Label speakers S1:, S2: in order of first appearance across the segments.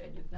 S1: együtt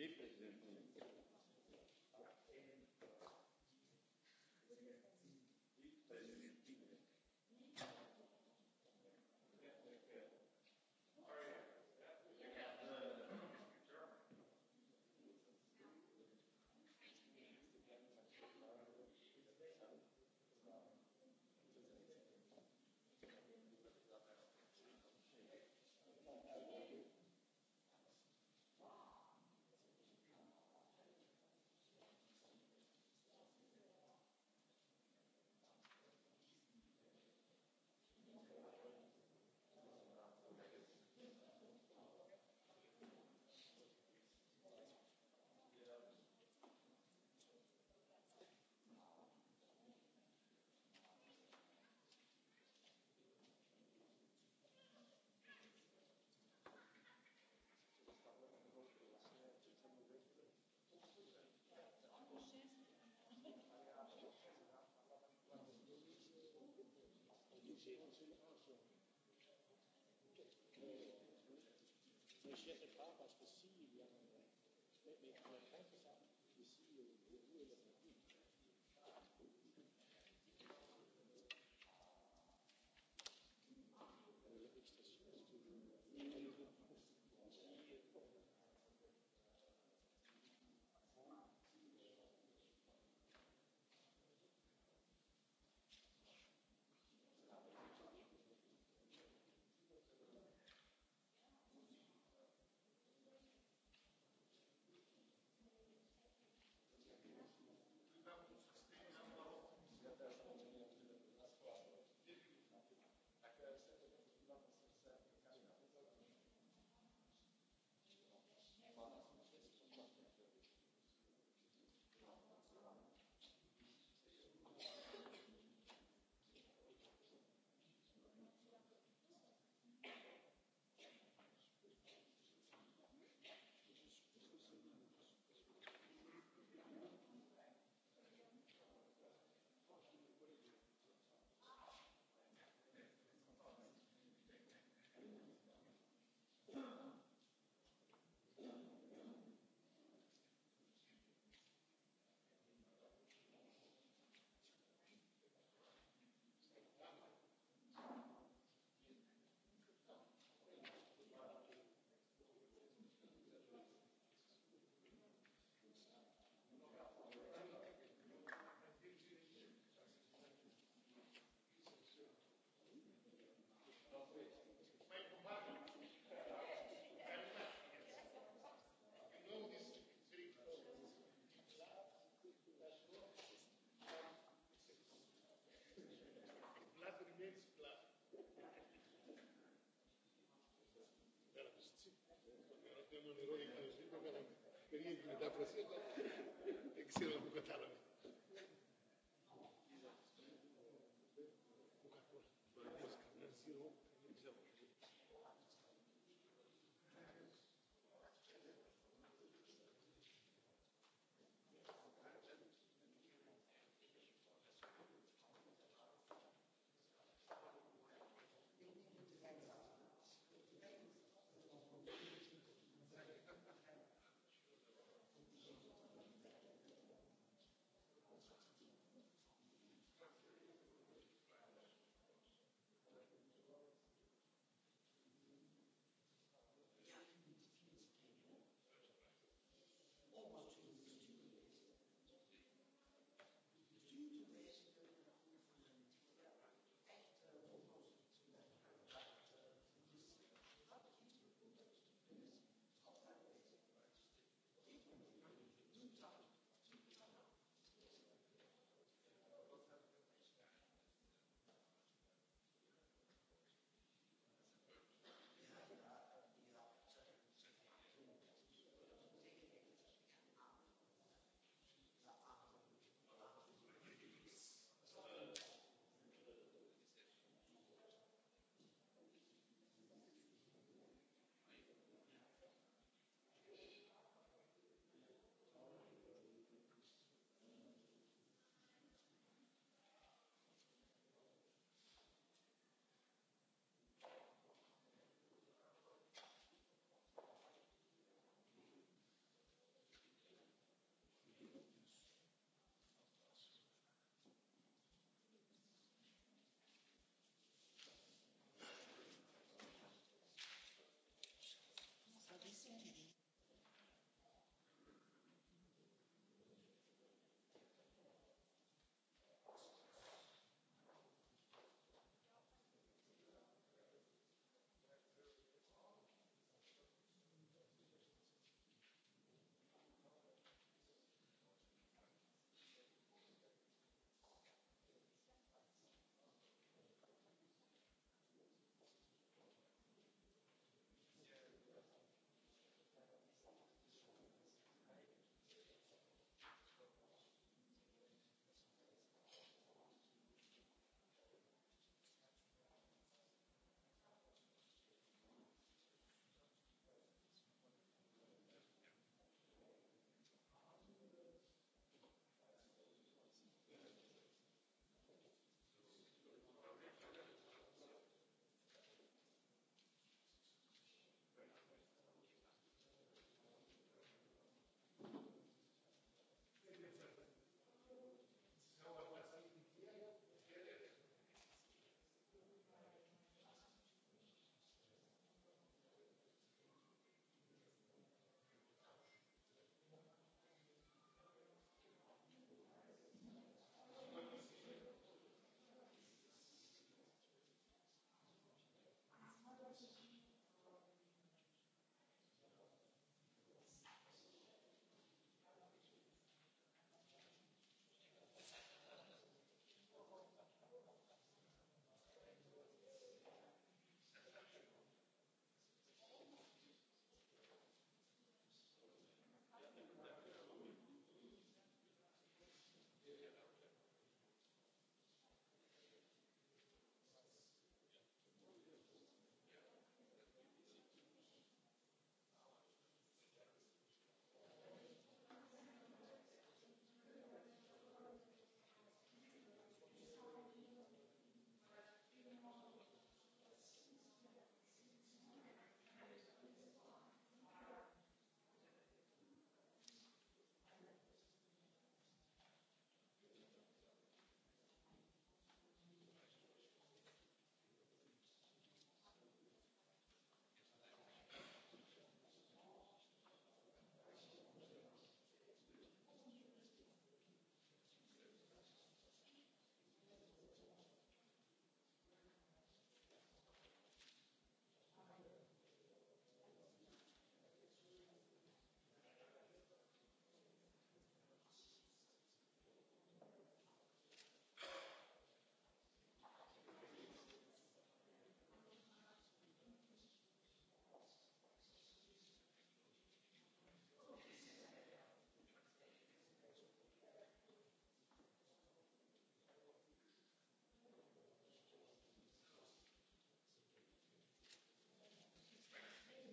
S1: de presidente Thank you. nagyon ironikus, hogy magának, hogy én, mint a beszélek, én szélem a katállami.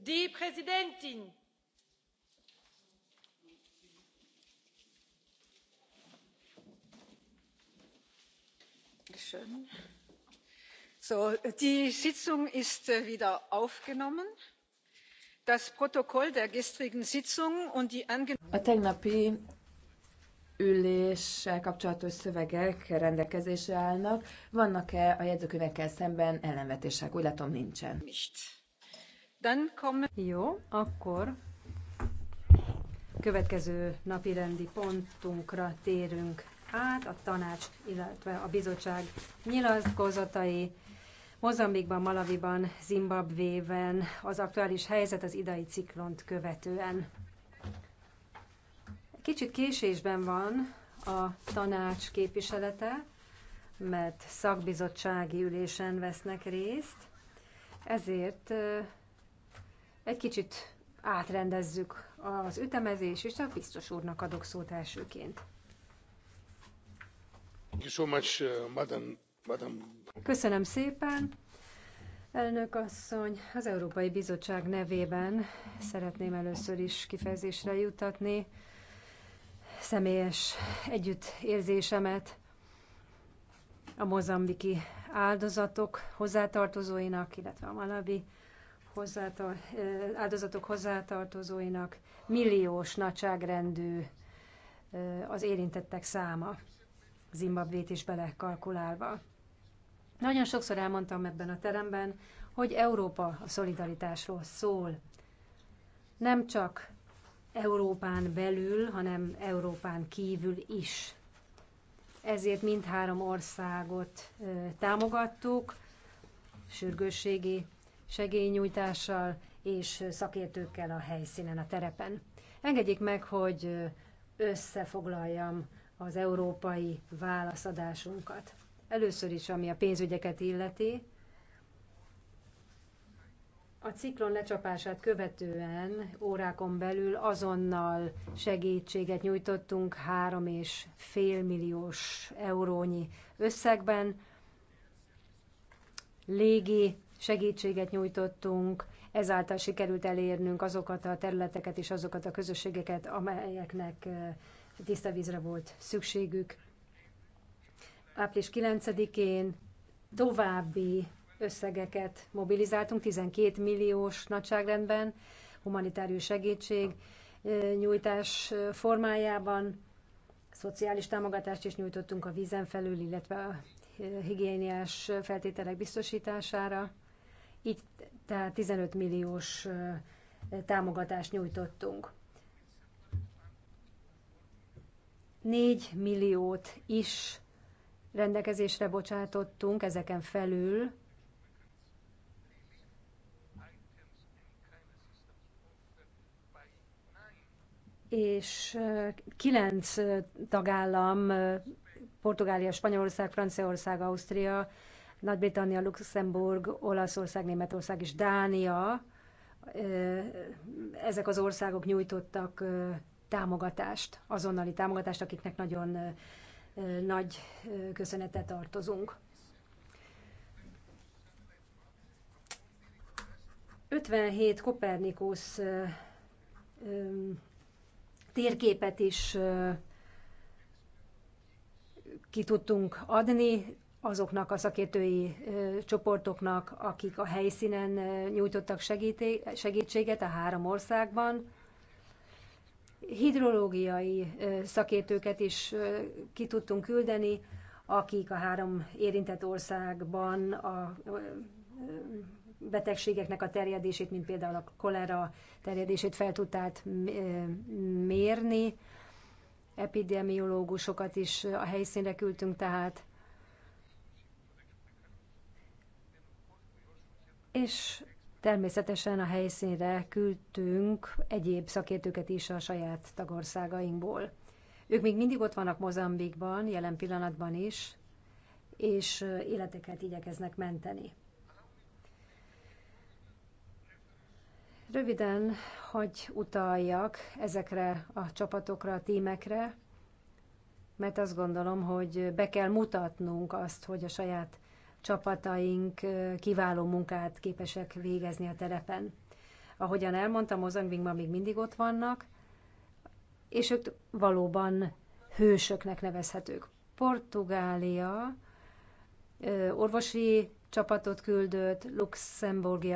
S1: die präsidentin! die sitzung ist äh, wieder aufgenommen. das protokoll der gestrigen sitzung und die a tegnapi üléssel kapcsolatos szövegek rendelkezésre állnak. Vannak-e a jegyzőkönyvekkel szemben ellenvetések? Úgy látom, nincsen. Jó, akkor következő napi rendi pontunkra térünk át, a tanács, illetve a bizottság nyilatkozatai Mozambikban, Malaviban, Zimbabvében az aktuális helyzet az idai ciklont követően. Kicsit késésben van a tanács képviselete, mert szakbizottsági ülésen vesznek részt, ezért egy kicsit átrendezzük az ütemezés, és a biztos úrnak adok szót elsőként. Uh, Köszönöm szépen. Elnök asszony, az Európai Bizottság nevében szeretném először is kifejezésre jutatni személyes együttérzésemet a mozambiki áldozatok hozzátartozóinak, illetve a malabi Eh, áldozatok hozzátartozóinak milliós nagyságrendű eh, az érintettek száma, Zimbabvét is belekalkulálva. Nagyon sokszor elmondtam ebben a teremben, hogy Európa a szolidaritásról szól. Nem csak Európán belül, hanem Európán kívül is. Ezért mindhárom országot eh, támogattuk, sürgősségi segélynyújtással és szakértőkkel a helyszínen, a terepen. Engedjék meg, hogy összefoglaljam az európai válaszadásunkat. Először is, ami a pénzügyeket illeti, a ciklon lecsapását követően órákon belül azonnal segítséget nyújtottunk három és fél milliós eurónyi összegben. Légi segítséget nyújtottunk, ezáltal sikerült elérnünk azokat a területeket és azokat a közösségeket, amelyeknek tiszta vízre volt szükségük. Április 9-én további összegeket mobilizáltunk, 12 milliós nagyságrendben, humanitárius segítség nyújtás formájában, szociális támogatást is nyújtottunk a vízen felül, illetve a higiéniás feltételek biztosítására. Így tehát 15 milliós támogatást nyújtottunk. 4 milliót is rendelkezésre bocsátottunk ezeken felül, és kilenc tagállam, Portugália, Spanyolország, Franciaország, Ausztria nagy-Britannia, Luxemburg, Olaszország, Németország és Dánia, ezek az országok nyújtottak támogatást, azonnali támogatást, akiknek nagyon nagy köszönetet tartozunk. 57 Kopernikus térképet is ki tudtunk adni, azoknak a szakértői csoportoknak, akik a helyszínen nyújtottak segítséget a három országban. Hidrológiai szakértőket is ki tudtunk küldeni, akik a három érintett országban a betegségeknek a terjedését, mint például a kolera terjedését fel tudták mérni. Epidemiológusokat is a helyszínre küldtünk tehát és természetesen a helyszínre küldtünk egyéb szakértőket is a saját tagországainkból. Ők még mindig ott vannak Mozambikban, jelen pillanatban is, és életeket igyekeznek menteni. Röviden, hogy utaljak ezekre a csapatokra, a tímekre, mert azt gondolom, hogy be kell mutatnunk azt, hogy a saját csapataink kiváló munkát képesek végezni a terepen. Ahogyan elmondtam, ma még mindig ott vannak, és ők valóban hősöknek nevezhetők. Portugália orvosi csapatot küldött, Luxemburgia